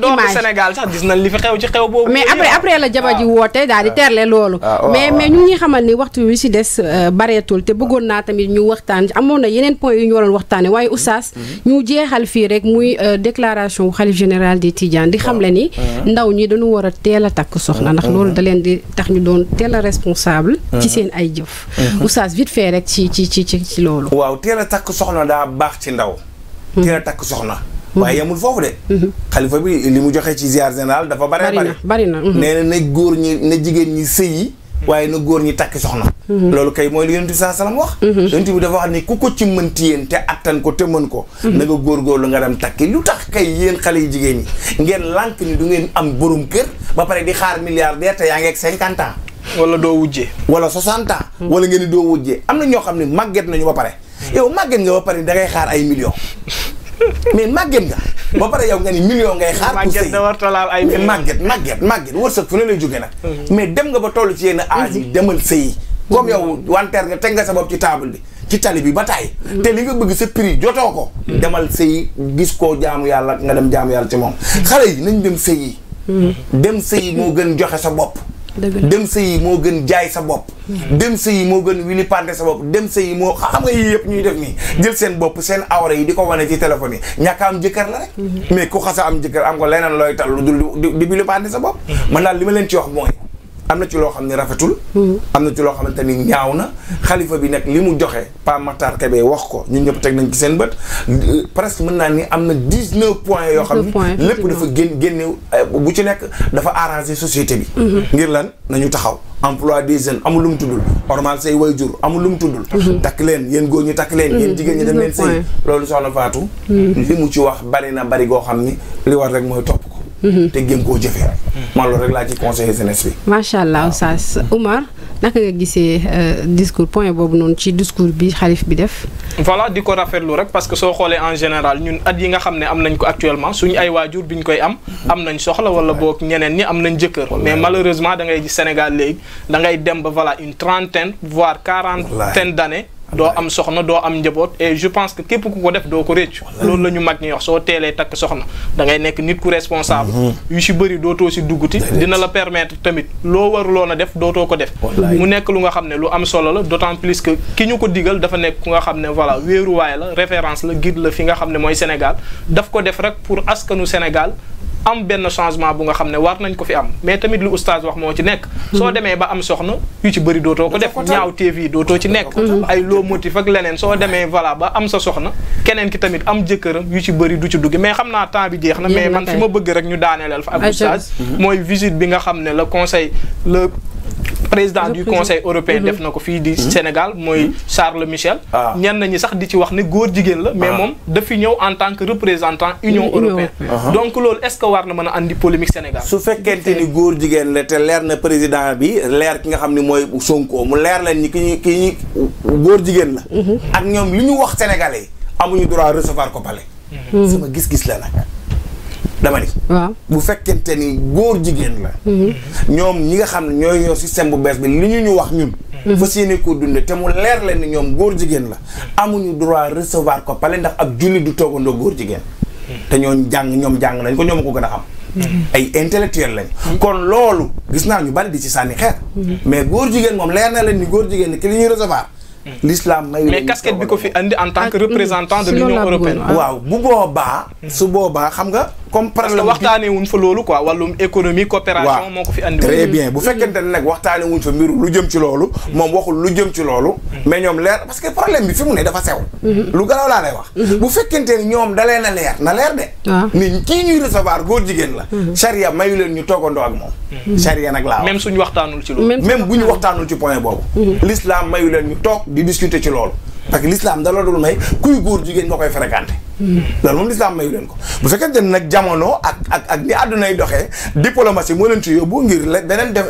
doomu Sénégal sax gis nañ li fi xew ci xew boobu. mais après après la jaba ji woote daal di ah. terle loolu. Ah, mais mais ñu ngi xamal ni waxtu wi si des euh, bareetul te bëggoon naa tamit ñu waxtaan amoon na yeneen point yu ñu waroon waxtaane waaye oustaz mhm, mhm. ñu jeexal fii rek muy euh, déclaration xalif général des Tidiane di xam le ni ndaw ñi dañu war a teel a takk soxna ndax mhm, loolu da leen di tax ñu doon teel a responsable ci seen ay jëf oustaz vite fait rek ci ci ci ci ci loolu waaw teel a takk soxna daa baax ci ndaw takk soxna Mhm. waaye yamul foofu de. xalifa mhm. bi li mu joxe ci ziar général dafa bare bari bari na mhm. nee na na góor ñi na jigéen ñi sëy yi waaye na góor ñi takki soxna. loolu kay mooy li yonent bi saa salaam wax. yonent bi dafa wax ni ku ko ci mënti yéen te attan ko te mën ko. na nga góorgóorlu nga dem lu tax kay yéen xale yi jigéen ñi ngeen lànk ni du ngeen am borom kër ba pare di xaar milliardaire te yaa ngi ak cinquante ans. wala doo wujjee. wala soixante ans. wala ngeen di doo wujjee am na ñoo xam ne màgget nañu ba pare. yow màgget nga ba pare dangay xaar ay millions. mais màgget nga ba pare yow nga ni million ngay xaar pour sëy mais màgget màgget màgget wërsëg fu ne lay jóge nag mm. mais dem nga ba toll ci yenn âge demal sëy comme yow mm. wanteer nga teg nga sa bopp ci taabul bi ci tali bi ba tàyyi te li nga bëgg sa prix jotoo ko mm. demal sëy gis koo jaamu yàlla nga dem jaamu yàlla ci moom xale yi nañ dem sëy yi dem sëy moo gën joxe sa bopp dem sa yi moo gën jaay sa bopp dem sa yi moo gën wili pande sa bopp dem sa yi moo xam nga yii yëpp ñuy def nii jël seen bopp seen awra yi di ko wane ci téléphone yi ñàkk am jëkkër la rek mhm. mais ku a am jëkkër am ko leneen looy tal lu dul di wili pande sa bopp mhm. man daal li ma leen ci wax mooy am na ci loo xam ne rafetul. am na ci loo xamante ni ñaaw na. xalifa bi nag li mu joxe Pa Matar Kebe wax ko ñun ñëpp teg nañ ci seen bët presque mën naa ni am na dix neuf points yoo xam ne lépp dafa génn génne euh, bu ci nekk dafa arrangé société bi. Mhm. ngir lan nañu taxaw. emploi des jeunes amul lu mu tuddul normal say wayjur amul lu mu tuddul mhm. takk leen yéen góor ñi takk leen yéen mhm. jigéen ñi dem leen sëy loolu soxna Fatou. li mu ci wax bari na bari goo xam ni li war rek mooy topp ko Mm-hmm. te gën koo jëfee. Mm-hmm. man loolu rek laa ci conseiller jeunesse bi. macha allah Oustaz Oumar naka nga gisee euh, discours point boobu noonu ci discours bi xalif bi def. voilà di ko rafetlu rek parce que soo xoolee en général ñun at yi nga xam ne am nañ ko actuellement suñu ay waajur ñu koy am. am nañ soxla wala boog ñeneen ñi am nañ jëkkër. mais malheureusement da ngay gis Sénégal léegi da ngay dem ba voilà une trentaine voire quarantaine d'années. doo am soxna doo am njaboot e je pense que képp ku ko def doo ko réccu loolu la ñu mag ñi wax soo teelee takk soxna dangay nekk nit ku responsable mhm. yu si bëri dootoo si dugguti dina la permettre tamit loo waruloon a def dootoo ko def mu nekk lu nga xam ne lu am solo la d'autant plus que ki ñu ko digal dafa nekk ku nga xam ne voilà wéeruwaay la référence la guide la fi nga xam ne mooy Sénégal daf ko def rek pour askanu Sénégal am benn changement bu nga xam ne war nañ ko fi am mais tamit lu oustaz wax moo ci nekk mhm. soo demee ba am soxna yu ci bëri dootoo ko def ñaaw TV dootoo ci nekk mhm. ay loo motif ak leneen soo demee voilà ba am sa soxna keneen ki tamit am jëkkëram yu ci bëri du ci dugg mais xam naa temps bi jeex na mais man fi ma bëgg rek ñu daaneelal fa ak oustaz mhm. mooy visite bi nga xam ne la conseil le président du conseil européen def mhm. na ko fii di mhm. Sénégal mooy mhm. Charles Michel ah. ñenn ñi sax di ci wax ne góor jigéen la mais ah. moom dafi ñëw en tant que représentant Union européenne donc loolu est-ce que war na mën a andi polémique Sénégal su fekkente ni góor jigéen la te leer na président bi leer ki nga xam ne mooy Sonko mu leer leen ñi ki ki ñu góor jigéen la ak ñoom li ñu wax sénégalais amuñu droit recevoir ko palais sama gis-gis la nag dama ni. bu fekkente ni góor jigéen la. ñoom ñi nga xam ne ñooy ñoo système bu bees bi li ñu ñu wax ñun. Mhm. fas yéene koo dunde te mu leer leen ñoom góor jigéen la. amuñu droit recevoir ko pale ndax ab julli du toogandoo góor jigéen. te ñooñu jàng ñoom jàng nañ ko ñoom ko gën a xam. Mhm. ay intellectuel lañ. Mhm. kon loolu gis naa ñu bari di ci sànni xeer. mais góor jigéen moom leer na leen ni góor jigéen ki li ñuy recevoir. l'islam may mais bi ko fi andi en tant que ah, représentant de l'Union européenne. waaw bu boobaa. su nga. comme problème parce que waxtaanee wuñ fa loolu quoi wàllum économie coopération moo ko fi andi très mm. bien bu fekkente ne nag waxtaanee wuñ fa mbiru lu jëm ci loolu moom waxul lu jëm ci loolu mais ñoom leer parce que problème bi fi mu ne dafa sew mm-hmm. lu garaw laa lay wax mm-hmm. bu fekkente ni ñoom dalee na leer na leer de ni kii ñuy recevoir góor jigéen la charia mm-hmm. mayu leen ñu toogandoo ak moom charia nag laa même suñu waxtaanul ci loolu même bu ñu waxtaanul ci point boobu l'islam mayu leen ñu toog di discuter ci loolu parce que l'islam da la dul kuy góor jigéen nga koy fréquenté loolu moom lislaam mayu leen ko bu fekkente ne nag jamono ak ak ak ni àddunay doxee diplomatie moo leen ci yóbbu ngir beneen def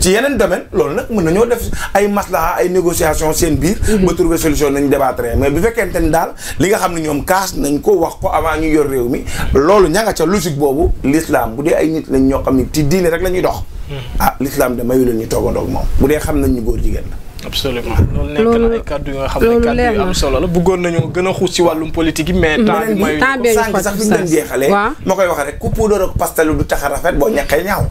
ci yeneen domaine loolu nag mën na ñoo def ay maslaha ay négociation seen biir mhm. ba trouver solution nañ débattre mais bu fekkente ne daal li nga xam ne ñoom kaas nañ ko wax ko avant ñu yor réew mi loolu ña nga ca logique boobu lislaam bu dee ay nit lañ ñoo xam ne ci diine rek la ñuy dox mhm. ah l'islam de mayu leen ñu toogandoog moom xam nañ ñu góor jigéen absolument loolu nekk na ay kàddu yoo xam ne kàddu yu am solo la bëggoon nañu gën a xuus ci wàllum politique yi mais mm-hmm. temps bi mayu sànq sax fi ñu doon jeexalee ma koy wax rek ku puudar ak pastalu du tax a rafet boo ñaqee ñaaw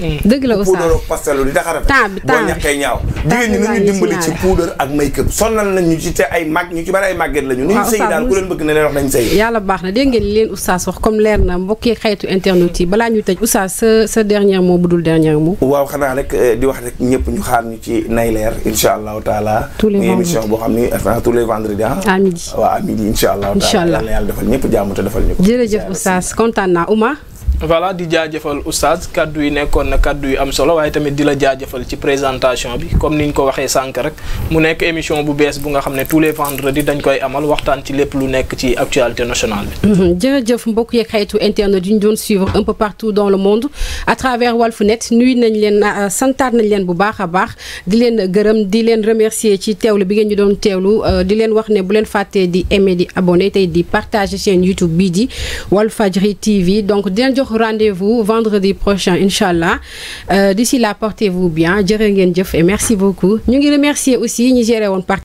Eh. dëgg la oustaz puudar ak pastelu li tax a rafet. temps bi temps bi boo ñaqee ñaaw. jigéen ñi nañu dimbali ci puudar ak make-up sonnal nañ ñu ci te ay mag ñu ci bari ay màgget lañu. waaw oustaz sëy daal ku leen bëgg na leen wax nañ sëy. yàlla baax na dégg ngeen li leen oustaz wax comme leer na mbokki xaytu internet yi balaa ñuy tëj oustaz sa sa dernier mot bu dul dernier mot. waaw xanaa rek eh, di wax rek ñëpp ñu xaar ñu ci nay leer incha allahu taala. tous les vendredis émission boo xam ne eh, tous les vendredis ah. à midi waaw à midi incha allahu taala. incha allah yàlla defal ñëpp jàmm te defal ñëpp. jërëjëf oustaz kontaan naa Ouma voilà di jaajëfal oustaz kaddu yi nekkoon na kaddu yu am solo waaye tamit di la jaajëfal ci présentation bi comme ni ñu ko waxee sànq rek mu nekk émission bu bees bu nga xam ne tous les vendredis dañ koy amal waxtaan ci lépp lu nekk ci actualité nationale bi. Mhm. jërëjëf mbokk yeeg xaytu internet yu ñu doon suivre un peu partout dans le monde à travers Walfunet nuyu nañ leen ah, ah, santaat nañ leen bu baax a baax di leen gërëm di leen remercier ci teewlu bi ngeen ñu doon teewlu euh, di leen wax ne bu leen fàttee di aimer di abonné tey di partager chaîne YouTube bii di Walfadjri TV rendez-vous vendredi prochain incha allah euh, d'ici là portez-vous bien jërë ngeen jëf et merci beaucoup ñu ngi remercier aussi ñi géré woon